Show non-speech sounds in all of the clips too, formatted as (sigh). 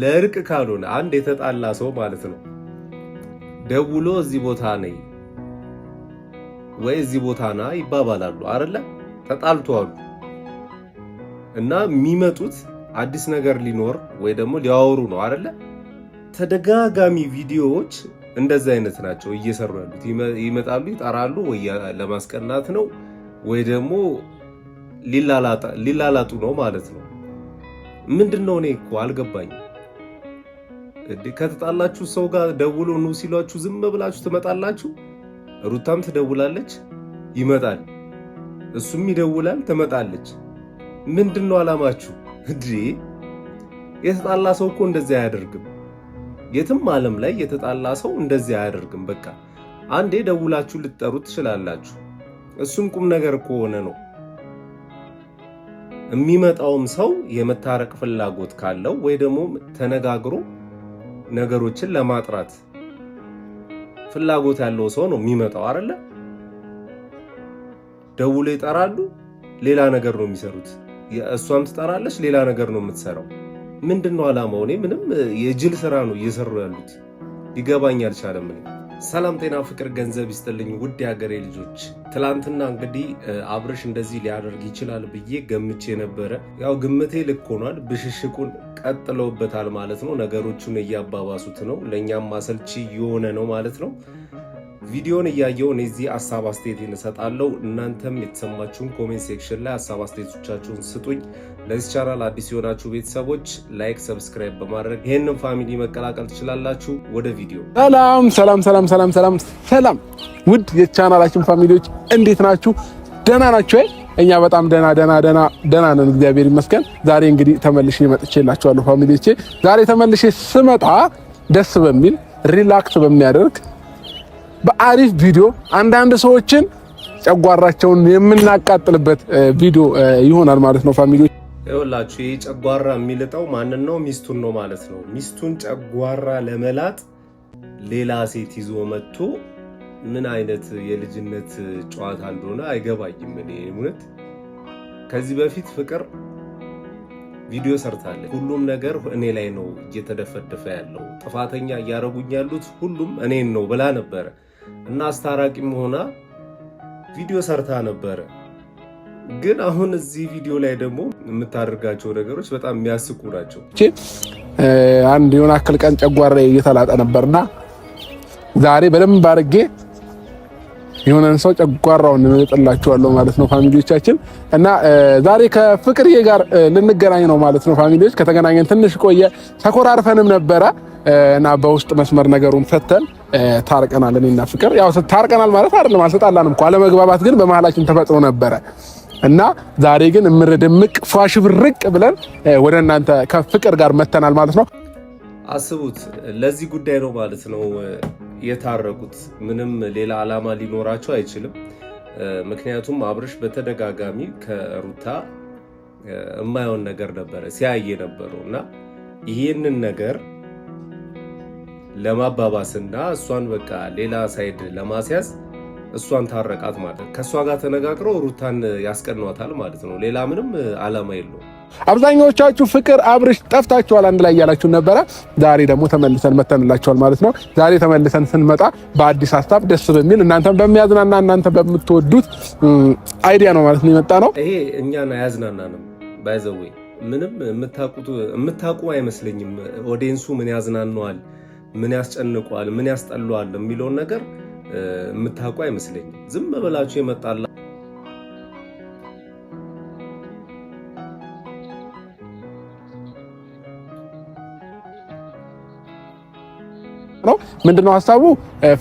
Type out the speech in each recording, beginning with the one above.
ለእርቅ ካልሆነ አንድ የተጣላ ሰው ማለት ነው ደውሎ እዚህ ቦታ ነይ ወይ እዚህ ቦታ ና ይባባላሉ አይደለ? ተጣልተዋሉ እና የሚመጡት አዲስ ነገር ሊኖር ወይ ደግሞ ሊያወሩ ነው አይደለ? ተደጋጋሚ ቪዲዮዎች እንደዛ አይነት ናቸው እየሰሩ ያሉት። ይመጣሉ፣ ይጠራሉ፣ ወይ ለማስቀናት ነው ወይ ደግሞ ሊላላጡ ነው ማለት ነው። ምንድን ነው እኔ እኮ አልገባኝ ከተጣላችሁ ሰው ጋር ደውሎ ኑ ሲሏችሁ ዝም ብላችሁ ትመጣላችሁ። ሩታም ትደውላለች፣ ይመጣል። እሱም ይደውላል፣ ትመጣለች። ምንድን ነው አላማችሁ? እንዴ የተጣላ ሰው እኮ እንደዚህ አያደርግም። የትም ዓለም ላይ የተጣላ ሰው እንደዚህ አያደርግም። በቃ አንዴ ደውላችሁ ልትጠሩ ትችላላችሁ። እሱም ቁም ነገር ከሆነ ነው የሚመጣውም ሰው የመታረቅ ፍላጎት ካለው ወይ ደግሞ ተነጋግሮ ነገሮችን ለማጥራት ፍላጎት ያለው ሰው ነው የሚመጣው አይደለ? ደውሎ ይጠራሉ፣ ሌላ ነገር ነው የሚሰሩት። እሷም ትጠራለች፣ ሌላ ነገር ነው የምትሰራው። ምንድን ነው እኔ ምንም የጅል ስራ ነው እየሰሩ ያሉት ሊገባኝ አልቻለም። ሰላም ጤና ፍቅር ገንዘብ ይስጥልኝ ውድ የሀገሬ ልጆች። ትላንትና እንግዲህ አብርሽ እንደዚህ ሊያደርግ ይችላል ብዬ ገምቼ ነበረ። ያው ግምቴ ልክ ሆኗል። ብሽሽቁን ቀጥለውበታል ማለት ነው። ነገሮቹን እያባባሱት ነው። ለእኛም ማሰልቺ የሆነ ነው ማለት ነው። ቪዲዮን እያየው እኔ እዚህ ሀሳብ አስተያየት እንሰጣለው እናንተም የተሰማችሁን ኮሜንት ሴክሽን ላይ ሀሳብ አስተያየቶቻችሁን ስጡኝ። ለዚህ ቻናል አዲስ የሆናችሁ ቤተሰቦች ላይክ፣ ሰብስክራይብ በማድረግ ይህንን ፋሚሊ መቀላቀል ትችላላችሁ። ወደ ቪዲዮ። ሰላም ሰላም ሰላም ሰላም ሰላም ሰላም! ውድ የቻናላችን ፋሚሊዎች እንዴት ናችሁ? ደህና ናችሁ? እኛ በጣም ደህና ደህና ደህና ደህና ነን፣ እግዚአብሔር ይመስገን። ዛሬ እንግዲህ ተመልሼ መጥቼላችኋለሁ ፋሚሊዎቼ። ዛሬ ተመልሼ ስመጣ ደስ በሚል ሪላክስ በሚያደርግ በአሪፍ ቪዲዮ አንዳንድ ሰዎችን ጨጓራቸውን የምናቃጥልበት ቪዲዮ ይሆናል ማለት ነው ፋሚሊዎች ይኸውላችሁ ይህ ጨጓራ የሚልጠው ማንን ነው? ሚስቱን ነው ማለት ነው። ሚስቱን ጨጓራ ለመላጥ ሌላ ሴት ይዞ መጥቶ ምን አይነት የልጅነት ጨዋታ እንደሆነ አይገባኝም። እኔ እውነት ከዚህ በፊት ፍቅር ቪዲዮ ሰርታለች። ሁሉም ነገር እኔ ላይ ነው እየተደፈደፈ ያለው ጥፋተኛ እያደረጉኝ ያሉት ሁሉም እኔን ነው ብላ ነበረ እና አስታራቂም ሆና ቪዲዮ ሰርታ ነበረ። ግን አሁን እዚህ ቪዲዮ ላይ ደግሞ የምታደርጋቸው ነገሮች በጣም የሚያስቁ ናቸው። አንድ የሆነ አክል ቀን ጨጓራ እየተላጠ ነበርና ዛሬ በደንብ አድርጌ የሆነን ሰው ጨጓራውን እንጥላችኋለሁ ማለት ነው ፋሚሊዎቻችን። እና ዛሬ ከፍቅርዬ ጋር ልንገናኝ ነው ማለት ነው ፋሚሊዎች። ከተገናኘን ትንሽ ቆየ፣ ተኮራርፈንም ነበረ እና በውስጥ መስመር ነገሩን ፈተን ታርቀናል። እኔና ፍቅር ያው ታርቀናል ማለት አይደለም፣ አልተጣላንም እኮ አለመግባባት ግን በመሀላችን ተፈጥሮ ነበረ። እና ዛሬ ግን እምርድምቅ ፏሽብርቅ ብለን ወደ እናንተ ከፍቅር ጋር መተናል ማለት ነው። አስቡት፣ ለዚህ ጉዳይ ነው ማለት ነው የታረቁት። ምንም ሌላ ዓላማ ሊኖራቸው አይችልም። ምክንያቱም አብርሽ በተደጋጋሚ ከሩታ እማየውን ነገር ነበረ ሲያየ ነበረው እና ይህንን ነገር ለማባባስና እሷን በቃ ሌላ ሳይድ ለማስያዝ እሷን ታረቃት ማለት ከእሷ ጋር ተነጋግሮ ሩታን ያስቀኗታል ማለት ነው። ሌላ ምንም አላማ የለው አብዛኛዎቻችሁ ፍቅር አብርሽ ጠፍታችኋል አንድ ላይ እያላችሁ ነበረ። ዛሬ ደግሞ ተመልሰን መተንላችኋል ማለት ነው። ዛሬ ተመልሰን ስንመጣ በአዲስ ሀሳብ ደስ በሚል እናንተን በሚያዝናና እናንተ በምትወዱት አይዲያ ነው ማለት ነው የመጣ ነው። ይሄ እኛን አያዝናናንም። ባይዘዌ ምንም የምታውቁ አይመስለኝም። ኦዲየንሱ ምን ያዝናነዋል፣ ምን ያስጨንቋል ምን ያስጠለዋል የሚለውን ነገር የምታውቁ አይመስለኝም። ዝም ብላችሁ የመጣላ ምንድነው ሀሳቡ?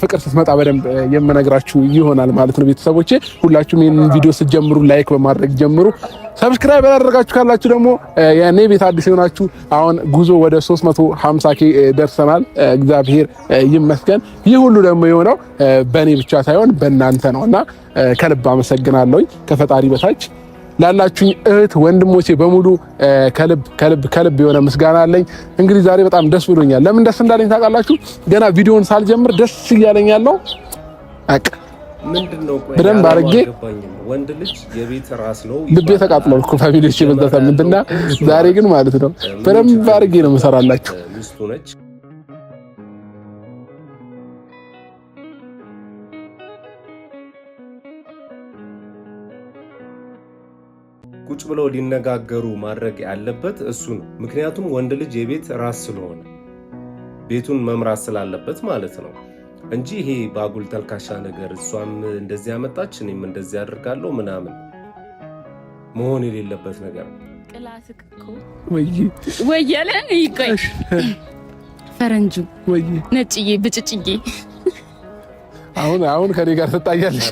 ፍቅር ስትመጣ በደንብ የምነግራችሁ ይሆናል ማለት ነው። ቤተሰቦቼ ሁላችሁም ይህንን ቪዲዮ ስትጀምሩ ላይክ በማድረግ ጀምሩ። ሰብስክራይብ ያላደረጋችሁ ካላችሁ ደግሞ የኔ ቤት አዲስ የሆናችሁ አሁን ጉዞ ወደ 350 ኬ ደርሰናል። እግዚአብሔር ይመስገን። ይህ ሁሉ ደግሞ የሆነው በእኔ ብቻ ሳይሆን በእናንተ ነው እና ከልብ አመሰግናለሁኝ ከፈጣሪ በታች ላላችሁኝ እህት ወንድሞቼ በሙሉ ከልብ ከልብ ከልብ የሆነ ምስጋና አለኝ። እንግዲህ ዛሬ በጣም ደስ ብሎኛል። ለምን ደስ እንዳለኝ ታውቃላችሁ? ገና ቪዲዮን ሳልጀምር ደስ እያለኝ ያለው በደንብ አድርጌ ልቤ ተቃጥሏል እኮ ፋሚሊዎች በዛ ሳምንትና ዛሬ ግን ማለት ነው በደንብ አድርጌ ነው የምሰራላችሁ። ቁጭ ብለው ሊነጋገሩ ማድረግ ያለበት እሱ ነው። ምክንያቱም ወንድ ልጅ የቤት ራስ ስለሆነ ቤቱን መምራት ስላለበት ማለት ነው። እንጂ ይሄ በአጉል ተልካሻ ነገር እሷም እንደዚህ ያመጣች እኔም እንደዚህ አድርጋለሁ ምናምን መሆን የሌለበት ነገር ወየለ ይቆይ ፈረንጁ ነጭዬ ብጭጭዬ አሁን አሁን ከኔ ጋር ትጣያለሽ።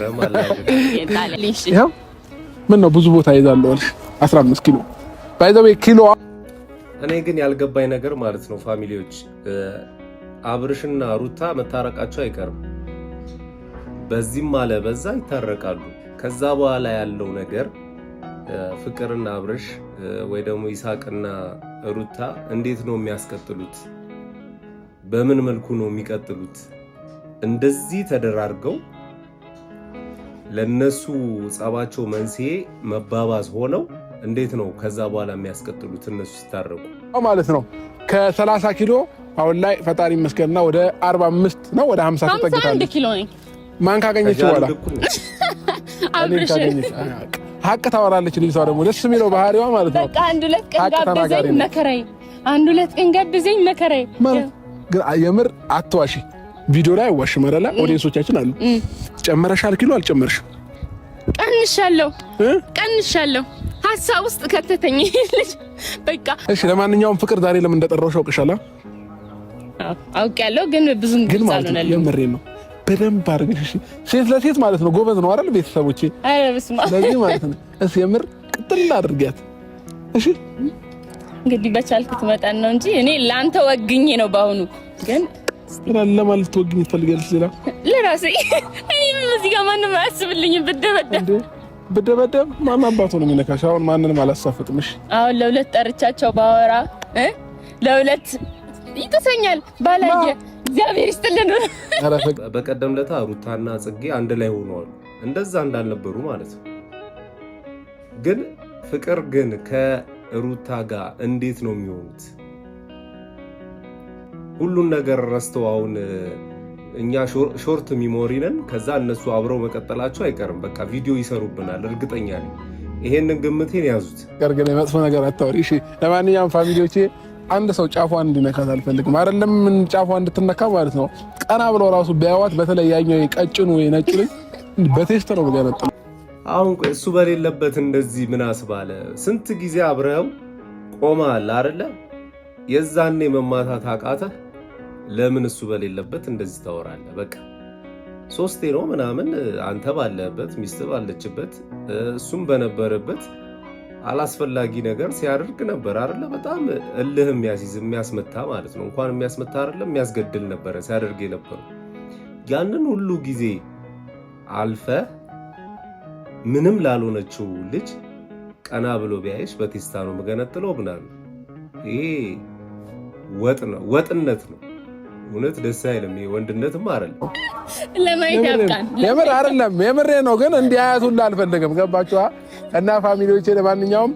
ምን ነው ብዙ ቦታ ይዛለዋል 15 ኪሎ ባይዘው ኪሎ። እኔ ግን ያልገባኝ ነገር ማለት ነው ፋሚሊዎች አብርሽና ሩታ መታረቃቸው አይቀርም። በዚህም አለ በዛ ይታረቃሉ። ከዛ በኋላ ያለው ነገር ፍቅርና አብርሽ ወይ ደግሞ ይሳቅና ሩታ እንዴት ነው የሚያስቀጥሉት? በምን መልኩ ነው የሚቀጥሉት? እንደዚህ ተደራርገው ለነሱ ጸባቸው መንስኤ መባባዝ ሆነው እንዴት ነው ከዛ በኋላ የሚያስቀጥሉት እነሱ ሲታረቁ ማለት ነው ከ30 ኪሎ አሁን ላይ ፈጣሪ ይመስገንና ወደ 45 ነው ወደ 50 ተጠግታለች። ኪሎ ነኝ። ማን ካገኘች በኋላ (laughs) ሀቅ ታወራለች። ልጅቷ ደግሞ ደስ የሚለው ባህሪዋ ማለት ነው። አንድ ሁለት ቀን ጋብዘኝ መከራዬ፣ አንድ ሁለት ቀን ጋብዘኝ መከራዬ። የምር አትዋሺ፣ ቪዲዮ ላይ ዋሽ መረላ ኦዲየንሶቻችን አሉ። ጨመረሻል ኪሎ አልጨመርሽም? ቀንሻለሁ፣ ቀንሻለሁ ሀሳብ ውስጥ ከተተኝ ልጅ በቃ። እሺ ለማንኛውም ፍቅር ዛሬ ለምን እንደጠራሁሽ አውቅሻለሁ። አውቅ ያለው ግን ግን ማለት ነው የምሬ ነው። በደንብ አድርገሽ ሴት ለሴት ማለት ነው። ጎበዝ ነው አይደል? ቤተሰቦቼ ማለት ነው እስ የምር ቅጥል አድርጊያት እሺ። እንግዲህ በቻልኩት መጠን ነው እንጂ እኔ ለአንተ ወግኜ ነው በአሁኑ ግን ለማለት ትወግኝ ትፈልጋለች። ሌላ ለራሴ (laughs) እኔም እዚህ ጋር ማንም አያስብልኝም። ብደበደብ ብደበደብ ማን አባቱ ነው የሚነካሽ? አሁን ማንንም አላሳፍጥምሽ። አሁን ለሁለት ጠርቻቸው ባወራ ለሁለት ይጥሰኛል ባላየ እግዚአብሔር ይስጥልን። በቀደም ለታ ሩታና ጽጌ አንድ ላይ ሆነዋል። እንደዛ እንዳልነበሩ ማለት ነው። ግን ፍቅር ግን ከሩታ ጋር እንዴት ነው የሚሆኑት? ሁሉን ነገር ረስተው አሁን እኛ ሾርት ሚሞሪ ነን። ከዛ እነሱ አብረው መቀጠላቸው አይቀርም። በቃ ቪዲዮ ይሰሩብናል፣ እርግጠኛ ነኝ። ይሄንን ግምቴን ያዙት። ግን የመጥፎ ነገር አታወሪ። ለማንኛውም ፋሚሊዎቼ አንድ ሰው ጫፏን እንዲነካት አልፈልግም። አይደለም ጫፏን እንድትነካ ማለት ነው። ቀና ብለው ራሱ ቢያዋት፣ በተለይ ያኛው የቀጭኑ የነጭ ልጅ በቴስት ነው ብሎ ያመጣ። አሁን እሱ በሌለበት እንደዚህ ምን አስባለ? ስንት ጊዜ አብረው ቆመሃል አይደለ? የዛኔ መማታት አቃተ። ለምን እሱ በሌለበት እንደዚህ ታወራለ? በቃ ሶስቴ ነው ምናምን አንተ ባለበት ሚስት ባለችበት እሱም በነበረበት አላስፈላጊ ነገር ሲያደርግ ነበር አይደለ? በጣም እልህ የሚያስይዝ የሚያስመታ ማለት ነው። እንኳን የሚያስመታ አይደለም የሚያስገድል ነበረ ሲያደርግ የነበረ። ያንን ሁሉ ጊዜ አልፈ ምንም ላልሆነችው ልጅ ቀና ብሎ ቢያይሽ በቴስታ ነው የምገነጥለው ብናል። ይሄ ወጥ ነው፣ ወጥነት ነው። እውነት ደስ አይልም። ወንድነትም አረል ለማየት የምር አይደለም፣ የምሬ ነው። ግን እንዲህ አያቱላ አልፈልግም። ገባችኋ? እና ፋሚሊዎች፣ ለማንኛውም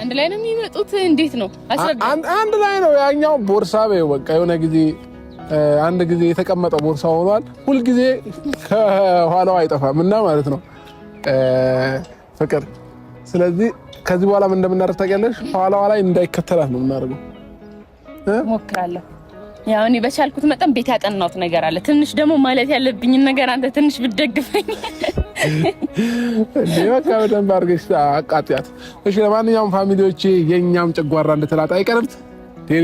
አንድ ላይ ነው የሚመጡት። እንዴት ነው አንድ ላይ ነው? ያኛው ቦርሳ በቃ የሆነ ጊዜ አንድ ጊዜ የተቀመጠ ቦርሳ ሆኗል። ሁልጊዜ ከኋላው አይጠፋም እና ማለት ነው ፍቅር። ስለዚህ ከዚህ በኋላ ምን እንደምናደርግ ታውቂያለሽ? ከኋላዋ ላይ እንዳይከተላት ነው የምናደርገው። ሞክራለሁ ያው እኔ በቻልኩት መጠን ቤት ያጠናሁት ነገር አለ። ትንሽ ደግሞ ማለት ያለብኝን ነገር አንተ ትንሽ ብደግፈኝ እንዴ። በቃ በደንብ አድርገሽ አቃጥያት። እሺ፣ ለማንኛውም ፋሚሊዎቼ የእኛም ጨጓራ እንደተላጣ አይቀርብት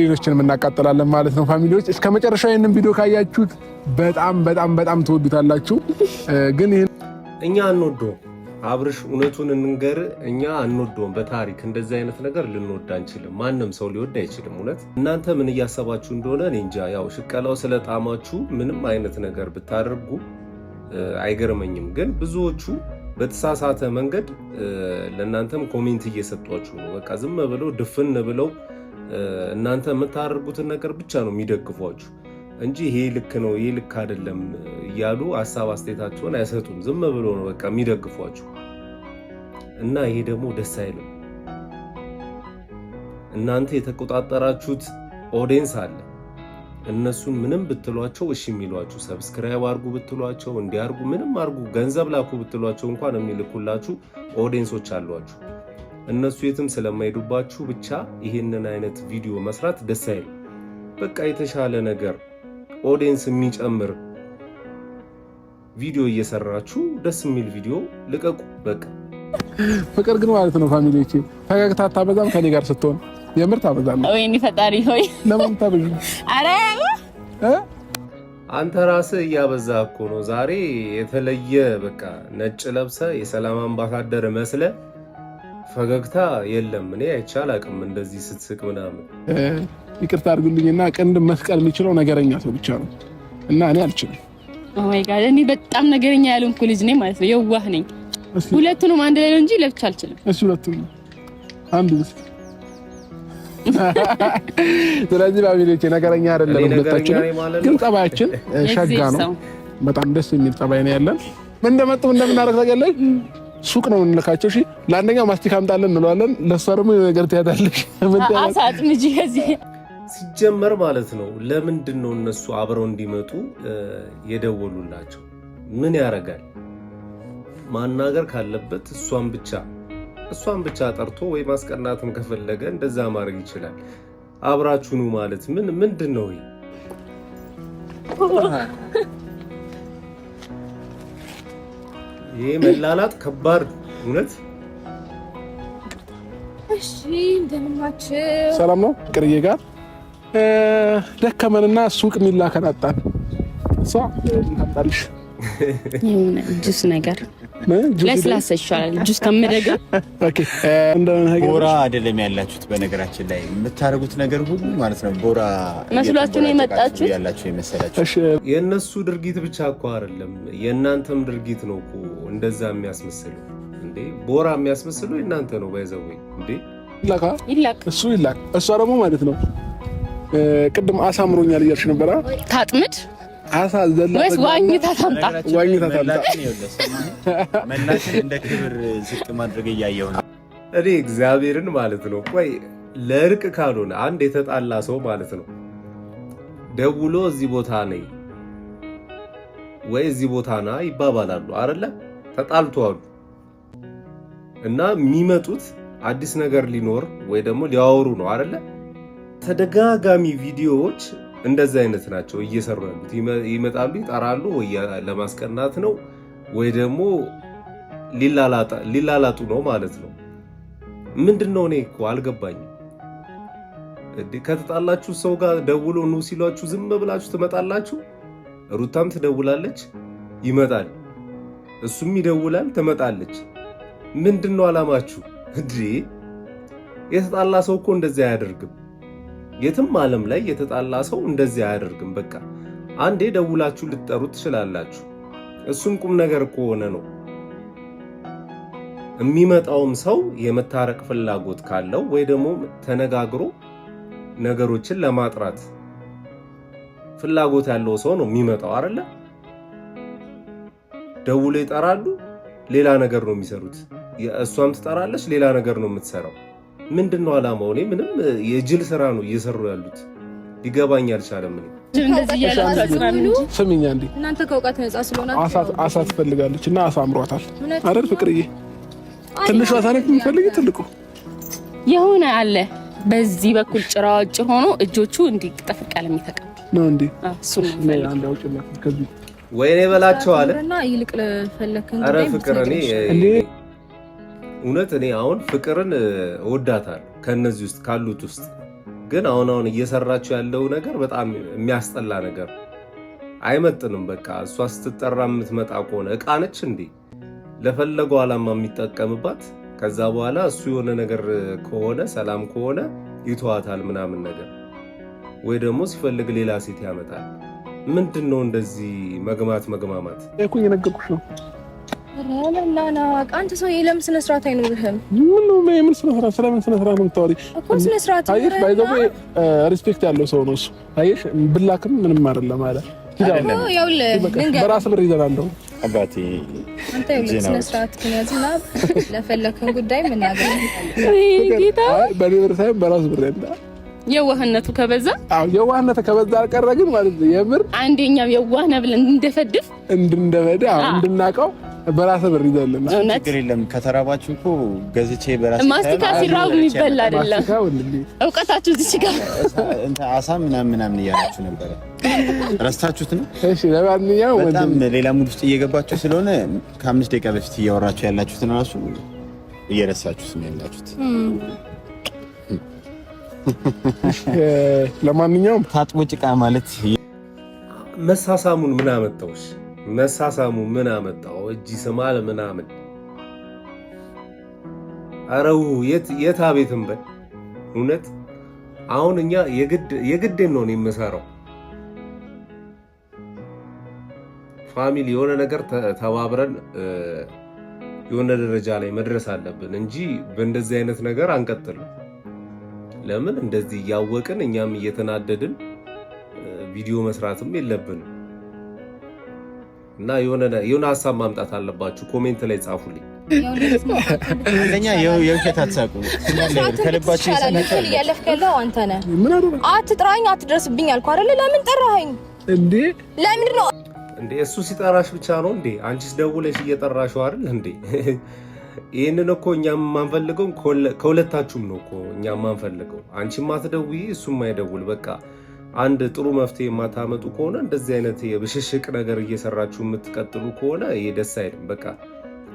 ሌሎችንም እናቃጥላለን ማለት ነው። ፋሚሊዎች እስከ መጨረሻ ይህንን ቪዲዮ ካያችሁት በጣም በጣም በጣም ትወዱታላችሁ። ግን ይህን እኛ አንወደው አብርሽ እውነቱን እንንገር፣ እኛ አንወደውም። በታሪክ እንደዚህ አይነት ነገር ልንወድ አንችልም። ማንም ሰው ሊወድ አይችልም። እውነት እናንተ ምን እያሰባችሁ እንደሆነ እኔ እንጃ። ያው ሽቀላው ስለጣማችሁ ምንም አይነት ነገር ብታደርጉ አይገርመኝም። ግን ብዙዎቹ በተሳሳተ መንገድ ለእናንተም ኮሜንት እየሰጧችሁ ነው። በቃ ዝም ብለው ድፍን ብለው እናንተ የምታደርጉትን ነገር ብቻ ነው የሚደግፏችሁ። እንጂ ይሄ ልክ ነው፣ ይሄ ልክ አይደለም እያሉ ሀሳብ አስተያየታቸውን አይሰጡም። ዝም ብሎ ነው በቃ የሚደግፏችሁ እና ይሄ ደግሞ ደስ አይልም። እናንተ የተቆጣጠራችሁት ኦዲየንስ አለ። እነሱን ምንም ብትሏቸው እሺ የሚሏችሁ ሰብስክራይብ አርጉ ብትሏቸው እንዲያርጉ ምንም አርጉ ገንዘብ ላኩ ብትሏቸው እንኳን የሚልኩላችሁ ኦዲየንሶች አሏችሁ። እነሱ የትም ስለማይሄዱባችሁ ብቻ ይህንን አይነት ቪዲዮ መስራት ደስ አይልም። በቃ የተሻለ ነገር ኦዲየንስ የሚጨምር ቪዲዮ እየሰራችሁ ደስ የሚል ቪዲዮ ልቀቁ። በቃ ፍቅር ግን ማለት ነው ፋሚሊዎቼ፣ ፈገግታ አታበዛም። ከኔ ጋር ስትሆን የምር ታበዛለህ። ወይኔ ፈጣሪ ሆይ ለምን ታበዙ? አረ አንተ ራስህ እያበዛ እኮ ነው። ዛሬ የተለየ በቃ ነጭ ለብሰ የሰላም አምባሳደር መስለ ፈገግታ የለም። እኔ አይቻል አቅም እንደዚህ ስትስቅ ምናምን ይቅርታ አድርጉልኝና ቅንድም መስቀል የሚችለው ነገረኛ ሰው ብቻ ነው እና እኔ አልችልም። ኦማይ ጋድ እኔ በጣም ነገረኛ ያልሆንኩ ልጅ ነኝ ማለት ነው። የዋህ ነኝ። ሁለቱንም አንድ ላይ ነው እንጂ ለብቻ አልችልም። እሺ ሁለቱም አንድ ልጅ ስለዚህ ባቢሎች ነገረኛ አይደለም ሁለታችን፣ ግን ጸባያችን ሸጋ ነው። በጣም ደስ የሚል ጸባይ ነው ያለን። ምን እንደመጡ እንደምናደርግ ታውቂያለሽ። ሱቅ ነው የምንልካቸው። እሺ ለአንደኛው ማስቲካ አምጣለን እንለዋለን፣ ለእሷ ደግሞ ነገር ትያታለሽ። ምን ታያለሽ? አሳጥም ከዚህ ሲጀመር ማለት ነው። ለምንድን ነው እነሱ አብረው እንዲመጡ የደወሉላቸው? ምን ያደርጋል? ማናገር ካለበት እሷን ብቻ እሷን ብቻ ጠርቶ ወይ ማስቀናትም ከፈለገ እንደዛ ማድረግ ይችላል። አብራችሁኑ ማለት ምን ምንድን ነው? ይሄ መላላጥ ከባድ እውነት። እሺ፣ እንደምናችሁ ሰላም ነው ቅርዬ ጋር ደከመንና ሱቅ ሚላ ከጣጣን እሷ ታጣልሽ ጁስ ነገር ለስላሳ ይሻላል። ጁስ ከምደገ (laughs) ቦራ አይደለም ያላችሁት። በነገራችን ላይ የምታደርጉት ነገር ሁሉ ማለት ነው ቦራ መስሏችሁ ነው የመጣችሁት ያላችሁ የመሰላችሁ። የእነሱ ድርጊት ብቻ እኮ አይደለም የእናንተም ድርጊት ነው እኮ እንደዛ የሚያስመስሉ እንዴ። ቦራ የሚያስመስሉ የእናንተ ነው። ባይዘወይ እንዴ ይላካ ይላክ እሱ ይላክ እሷ ደግሞ ማለት ነው ቅድም አሳምሮኛል እያልሽ ነበረ። ታጥምድ አሳ ዘላ ወይስ ዋኝታ ታምጣ? ዋኝታ ታምጣ። መናሽን እንደ ክብር ዝቅ ማድረግ እያየሁ ነው እኔ እግዚአብሔርን ማለት ነው። ቆይ ለእርቅ ካልሆነ አንድ የተጣላ ሰው ማለት ነው ደውሎ እዚህ ቦታ ነኝ ወይ እዚህ ቦታ ና ይባባላሉ አይደለ? ተጣልተዋሉ እና የሚመጡት አዲስ ነገር ሊኖር ወይ ደግሞ ሊያወሩ ነው አይደለ? ተደጋጋሚ ቪዲዮዎች እንደዚህ አይነት ናቸው እየሰሩ ያሉት። ይመጣሉ፣ ይጠራሉ፣ ወይ ለማስቀናት ነው ወይ ደግሞ ሊላላጡ ነው ማለት ነው። ምንድን ነው? እኔ እኮ አልገባኝም። ከተጣላችሁ ሰው ጋር ደውሎ ኑ ሲሏችሁ ዝም ብላችሁ ትመጣላችሁ። ሩታም ትደውላለች፣ ይመጣል። እሱም ይደውላል፣ ትመጣለች። ምንድን ነው አላማችሁ? እንዴ የተጣላ ሰው እኮ እንደዚህ አያደርግም። የትም ዓለም ላይ የተጣላ ሰው እንደዚህ አያደርግም። በቃ አንዴ ደውላችሁ ልትጠሩት ትችላላችሁ። እሱም ቁም ነገር ከሆነ ነው የሚመጣውም ሰው የመታረቅ ፍላጎት ካለው ወይ ደግሞ ተነጋግሮ ነገሮችን ለማጥራት ፍላጎት ያለው ሰው ነው የሚመጣው አይደለ? ደውሎ ይጠራሉ፣ ሌላ ነገር ነው የሚሰሩት። እሷም ትጠራለች፣ ሌላ ነገር ነው የምትሰራው። ምንድን ነው አላማው? እኔ ምንም የጅል ስራ ነው እየሰሩ ያሉት ሊገባኝ አልቻለም። ስሚኛ እንዴ እናንተ ከእውቀት ነጻ ስለሆነ አሳ ትፈልጋለች እና አሳ አምሯታል አይደል ፍቅርዬ? ትንሹ አሳ ነው የሚፈልግ ትልቁ የሆነ አለ በዚህ በኩል ጭራዋጭ ሆኖ እጆቹ እንዲጠፍቅ ያለ የሚተቀም ነው እንዴ እሱ ነው ወይ እኔ በላቸው አለ እና ይልቅ ለፈለክ እንዴ እውነት እኔ አሁን ፍቅርን እወዳታል? ከእነዚህ ውስጥ ካሉት ውስጥ ግን አሁን አሁን እየሰራችው ያለው ነገር በጣም የሚያስጠላ ነገር አይመጥንም። በቃ እሷ ስትጠራ የምትመጣ ከሆነ እቃ ነች እንዴ? ለፈለገው ዓላማ የሚጠቀምባት ከዛ በኋላ እሱ የሆነ ነገር ከሆነ ሰላም ከሆነ ይተዋታል ምናምን ነገር ወይ ደግሞ ሲፈልግ ሌላ ሴት ያመጣል። ምንድን ነው እንደዚህ መግማት መግማማት? እኮ እየነገርኩሽ ነው አንተ ሰው የለም ስነ ስርዓት ምን ስነ ስርዓት ስለምን ስነ ስርዓት ነው የምታወሪው? እኮ ስነ ስርዓት አየሽ፣ ባይዘው ሪስፔክት ያለው ሰው ነው እሱ። አየሽ፣ ብላክም ምንም አይደለም አለ በራስ ብር ይዘናለሁ። አባቴ አንተ ስነ ስርዓት ያዝና (laughs) ለፈለግን ጉዳይ ምናገር በእኔ ብር ሳይሆን በራስ ብር ያለ የዋህነቱ ከበዛ አዎ የዋህነቱ ከበዛ አልቀረ ግን ማለት ነው የምር አንደኛው የዋህ ነህ ብለን እንደፈድፍ እንድንደበደ እንድናውቀው በራሰ ብር ይዘህልን ችግር የለም። ከተራባችሁ እኮ ገዝቼ በራሴ ማስቲካ ሲራቡ የሚበላ አይደለም። እውቀታችሁ እዚች ጋር አሳ ምናምን ምናምን እያላችሁ ነበረ፣ ረስታችሁት ነው። ለማንኛውም በጣም ሌላ ሙድ ውስጥ እየገባችሁ ስለሆነ ከአምስት ደቂቃ በፊት እያወራችሁ ያላችሁትን ራሱ እየረሳችሁት ነው ያላችሁት። ለማንኛውም ታጥቦ ጭቃ ማለት መሳሳሙን ምን አመጣውሽ? መሳሳሙ ምን አመጣው? እጅ ስማል ምናምን አረው የት የታ ቤትም በል እውነት አሁን እኛ የግድ የግዴን ነው የምሰራው። ፋሚሊ የሆነ ነገር ተባብረን የሆነ ደረጃ ላይ መድረስ አለብን እንጂ በእንደዚህ አይነት ነገር አንቀጥልም። ለምን እንደዚህ እያወቅን እኛም እየተናደድን ቪዲዮ መስራትም የለብንም። እና የሆነ ሀሳብ ማምጣት አለባችሁ። ኮሜንት ላይ ጻፉልኝ። አንደኛ የውሸት አትሳቁ። ከልባችሁ እያለፍክ ያለው አንተ ነህ። አትጥራኝ፣ አትድረስብኝ አልኩህ አይደለ? ለምን ጠራኸኝ እንዴ? ለምንድን ነው እንዴ? እሱ ሲጠራሽ ብቻ ነው እንዴ? አንቺስ ደውለሽ እየጠራሽው አይደል እንዴ? ይህንን እኮ እኛ የማንፈልገው ከሁለታችሁም ነው እኮ እኛ የማንፈልገው። አንቺ ማትደውይ እሱም አይደውል በቃ አንድ ጥሩ መፍትሄ የማታመጡ ከሆነ እንደዚህ አይነት የብሽሽቅ ነገር እየሰራችሁ የምትቀጥሉ ከሆነ ይሄ ደስ አይልም። በቃ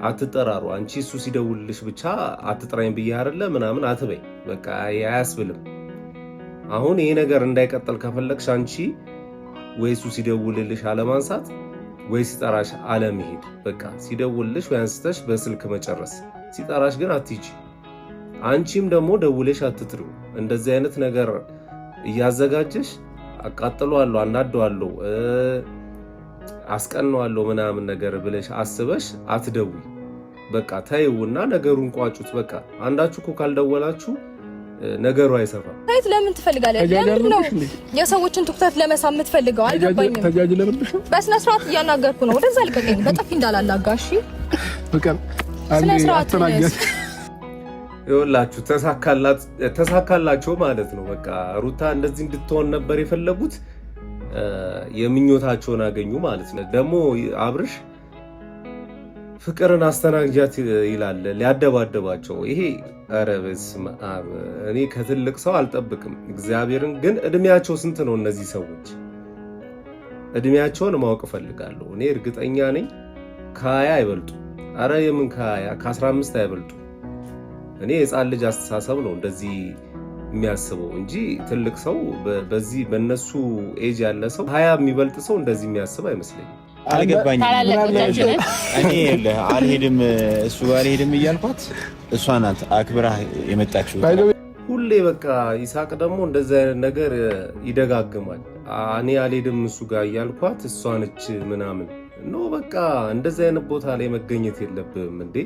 አትጠራሩ። አንቺ እሱ ሲደውልልሽ ብቻ አትጥራኝ ብዬ አይደለ ምናምን አትበይ። በቃ አያስብልም። አሁን ይሄ ነገር እንዳይቀጥል ከፈለግሽ አንቺ ወይ እሱ ሲደውልልሽ አለማንሳት ወይ ሲጠራሽ አለመሄድ። በቃ ሲደውልልሽ ወይ አንስተሽ በስልክ መጨረስ፣ ሲጠራሽ ግን አትሂጂ። አንቺም ደግሞ ደውለሽ አትጥሪው። እንደዚህ አይነት ነገር እያዘጋጀሽ አቃጥለዋለሁ፣ አናደዋለሁ፣ አስቀነዋለሁ ምናምን ነገር ብለሽ አስበሽ አትደዊ። በቃ ተይውና ነገሩን ቋጩት። በቃ አንዳችሁ እኮ ካልደወላችሁ ነገሩ አይሰፋም። ታይት ለምን ትፈልጋለህ? ለምን ነው የሰዎችን ትኩረት ለመሳብ የምትፈልገው? አልገባኝም። ተጃጅለ ብልሽ በስነ ስርዓት እያናገርኩ ነው። ወደዛ ልቀቀኝ፣ በጥፊ እንዳላላጋሽ በቃ ስነ ስርዓት ይኸውላችሁ ተሳካላቸው ማለት ነው። በቃ ሩታ እንደዚህ እንድትሆን ነበር የፈለጉት። የምኞታቸውን አገኙ ማለት ነው። ደግሞ አብርሽ ፍቅርን አስተናግጃት ይላል ሊያደባደባቸው። ይሄ ኧረ በስመ አብ እኔ ከትልቅ ሰው አልጠብቅም እግዚአብሔርን። ግን እድሜያቸው ስንት ነው እነዚህ ሰዎች? እድሜያቸውን ማወቅ እፈልጋለሁ። እኔ እርግጠኛ ነኝ ከሀያ አይበልጡ። አረ የምን ከሀያ ከአስራ አምስት አይበልጡ እኔ የህፃን ልጅ አስተሳሰብ ነው እንደዚህ የሚያስበው እንጂ ትልቅ ሰው በዚህ በነሱ ኤጅ ያለ ሰው ሀያ የሚበልጥ ሰው እንደዚህ የሚያስብ አይመስለኝም። አልገባኝም። እኔ አልሄድም እሱ ጋር አልሄድም እያልኳት እሷ ናት አክብራ የመጣችው። ሁሌ በቃ ይሳቅ ደግሞ እንደዚህ አይነት ነገር ይደጋግማል። እኔ አልሄድም እሱ ጋር እያልኳት እሷ ነች ምናምን ኖ በቃ እንደዚህ አይነት ቦታ ላይ መገኘት የለብም እንዴ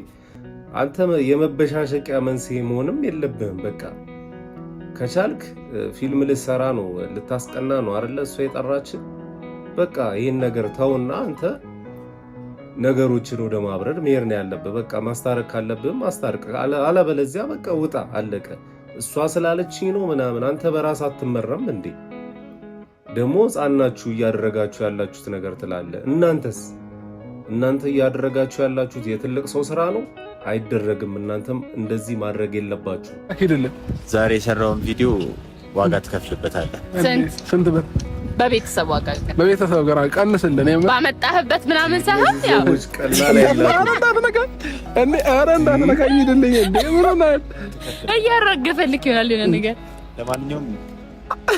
አንተ የመበሻሸቂያ መንስኤ መሆንም የለብህም። በቃ ከቻልክ ፊልም ልትሰራ ነው ልታስቀና ነው አይደለ? እሷ የጠራችን በቃ ይህን ነገር ተውና አንተ ነገሮችን ወደ ማብረድ መሄድ ነው ያለብህ። በቃ ማስታረቅ ካለብህም ማስታረቅ፣ አለበለዚያ በቃ ውጣ፣ አለቀ። እሷ ስላለችኝ ነው ምናምን። አንተ በራስ አትመረም እንዴ? ደግሞ ህፃናችሁ እያደረጋችሁ ያላችሁት ነገር ትላለ እናንተስ እናንተ እያደረጋችሁ ያላችሁት የትልቅ ሰው ስራ ነው። አይደረግም። እናንተም እንደዚህ ማድረግ የለባችሁ። አይደለም ዛሬ የሰራውን ቪዲዮ ዋጋ ትከፍልበታለህ። ስንት ብር? በቤተሰብ ዋጋ በቤተሰብ ጋር ቀንስልን። ባመጣህበት ምናምን ሳይሆን ያውጭ ቀላል ነገር እያረገፈልክ ይሆናል የሆነ ነገር ለማንኛውም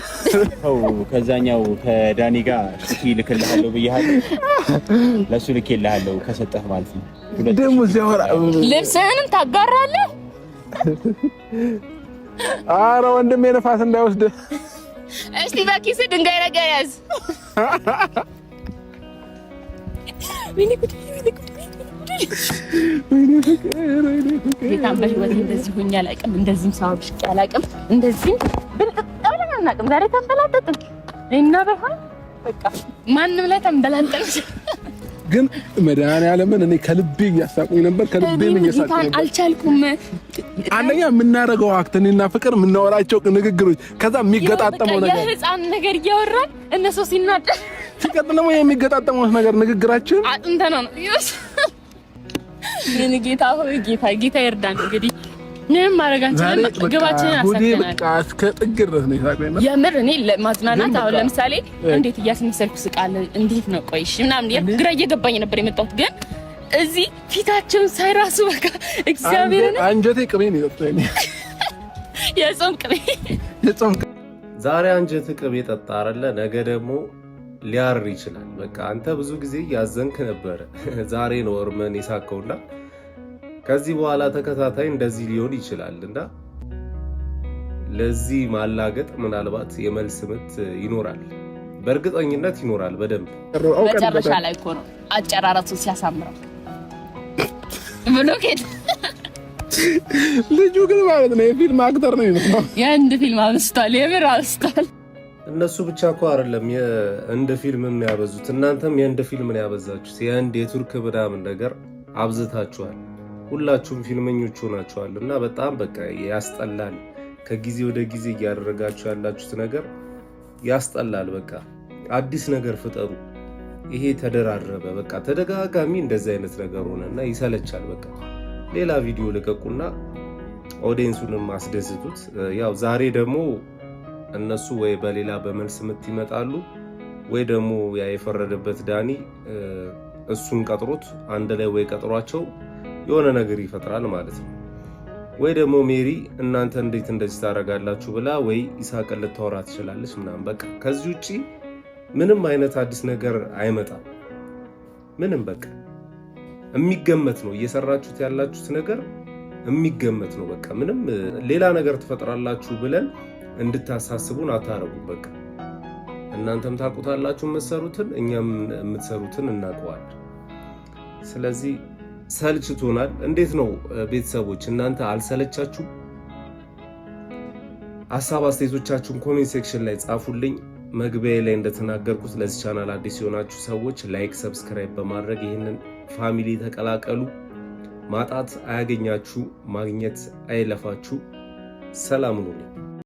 (laughs) ከዛኛው ከዳኒ ጋር ስኪ ልክልሃለሁ ብያለሁ። ለእሱ ልኬልሃለሁ ከሰጠህ ማለት ነው። ደግሞ ልብስህንም ታጋራለህ። አረ ወንድሜ ነፋስ እንዳይወስድ። እስቲ በኪስ ድንጋይ ነገር ያዝ። በህይወት እንደዚህ ሆኜ አላውቅም። እንደዚህም ሰው አብሽቄ አላውቅም። እንደዚህም አናውቅም። ዛሬ ተንበላጠጥን እና በኋላ በቃ ማንም ላይ ተንበላጠን። ግን መድኃኒዓለምን እኔ ከልቤ እያሳቁኝ ነበር፣ ከልቤ እያሳቁኝ አልቻልኩም። አንደኛ የምናደርገው አክት እኔና ፍቅር የምናወራቸው ንግግሮች፣ ከዛ የሚገጣጠመው ነገር የህፃን ነገር እያወራን እነሱ ሲናደ ሲቀጥል ደግሞ የሚገጣጠመው ነገር ንግግራችን አጥንተ ነው። ጌታ ሆይ ጌታ ጌታ ይርዳን እንግዲህ ምንም ማድረግ አንችልም። ግባችንን አሳክተናል። የምር እኔ ማዝናናት አሁን ለምሳሌ እንዴት እያስመሰልኩ ስቃለሁ እንዴት ነው ቆይሽ ምናምን ግራ እየገባኝ ነበር የመጣሁት ግን እዚህ ፊታቸውን ሳይራሱ በቃ እግዚአብሔርን አንጀቴ ቅቤ ነው የጠጣኝ። (laughs) የጾም ቅቤ የጾም ዛሬ አንጀት ቅቤ ጠጣ አይደለ? ነገ ደግሞ ሊያር ይችላል። በቃ አንተ ብዙ ጊዜ ያዘንክ ነበረ። (laughs) ዛሬ ነው እርመን የሳከውላ ከዚህ በኋላ ተከታታይ እንደዚህ ሊሆን ይችላል እና ለዚህ ማላገጥ ምናልባት የመልስ ምት ይኖራል፣ በእርግጠኝነት ይኖራል። በደንብ መጨረሻ ላይ እኮ ነው አጨራረሱ ሲያሳምረው ብሎኬት ልጁ ግን ማለት ነው የፊልም አክተር ነው የሚመስለው። የህንድ ፊልም አብስቷል፣ የምር አብስቷል። እነሱ ብቻ እኮ አይደለም የህንድ ፊልም የሚያበዙት፣ እናንተም የህንድ ፊልም ነው ያበዛችሁት። የህንድ የቱርክ ምናምን ነገር አብዝታችኋል። ሁላችሁም ፊልመኞች ሆናችኋል እና በጣም በቃ ያስጠላል። ከጊዜ ወደ ጊዜ እያደረጋችሁ ያላችሁት ነገር ያስጠላል። በቃ አዲስ ነገር ፍጠሩ። ይሄ ተደራረበ፣ በቃ ተደጋጋሚ እንደዚህ አይነት ነገር ሆነ እና ይሰለቻል። በቃ ሌላ ቪዲዮ ልቀቁና ኦዲየንሱንም አስደስቱት። ያው ዛሬ ደግሞ እነሱ ወይ በሌላ በመልስ ምት ይመጣሉ ወይ ደግሞ ያ የፈረደበት ዳኒ እሱን ቀጥሮት አንድ ላይ ወይ ቀጥሯቸው የሆነ ነገር ይፈጥራል ማለት ነው። ወይ ደግሞ ሜሪ እናንተ እንዴት እንደዚህ ታደርጋላችሁ ብላ ወይ ይስሐቅን ልታወራ ትችላለች ምናምን። በቃ ከዚህ ውጭ ምንም አይነት አዲስ ነገር አይመጣም። ምንም በቃ የሚገመት ነው እየሰራችሁት ያላችሁት ነገር የሚገመት ነው። በቃ ምንም ሌላ ነገር ትፈጥራላችሁ ብለን እንድታሳስቡን አታረጉ። በቃ እናንተም ታውቁታላችሁ የምትሰሩትን፣ እኛም የምትሰሩትን እናውቀዋለን። ስለዚህ ሰልችቶናል። እንዴት ነው ቤተሰቦች እናንተ አልሰለቻችሁ ሀሳብ አስተያየቶቻችሁን ኮሜንት ሴክሽን ላይ ጻፉልኝ። መግቢያ ላይ እንደተናገርኩት ለዚህ ቻናል አዲስ የሆናችሁ ሰዎች ላይክ፣ ሰብስክራይብ በማድረግ ይህንን ፋሚሊ ተቀላቀሉ። ማጣት አያገኛችሁ፣ ማግኘት አይለፋችሁ። ሰላም ኑሩ።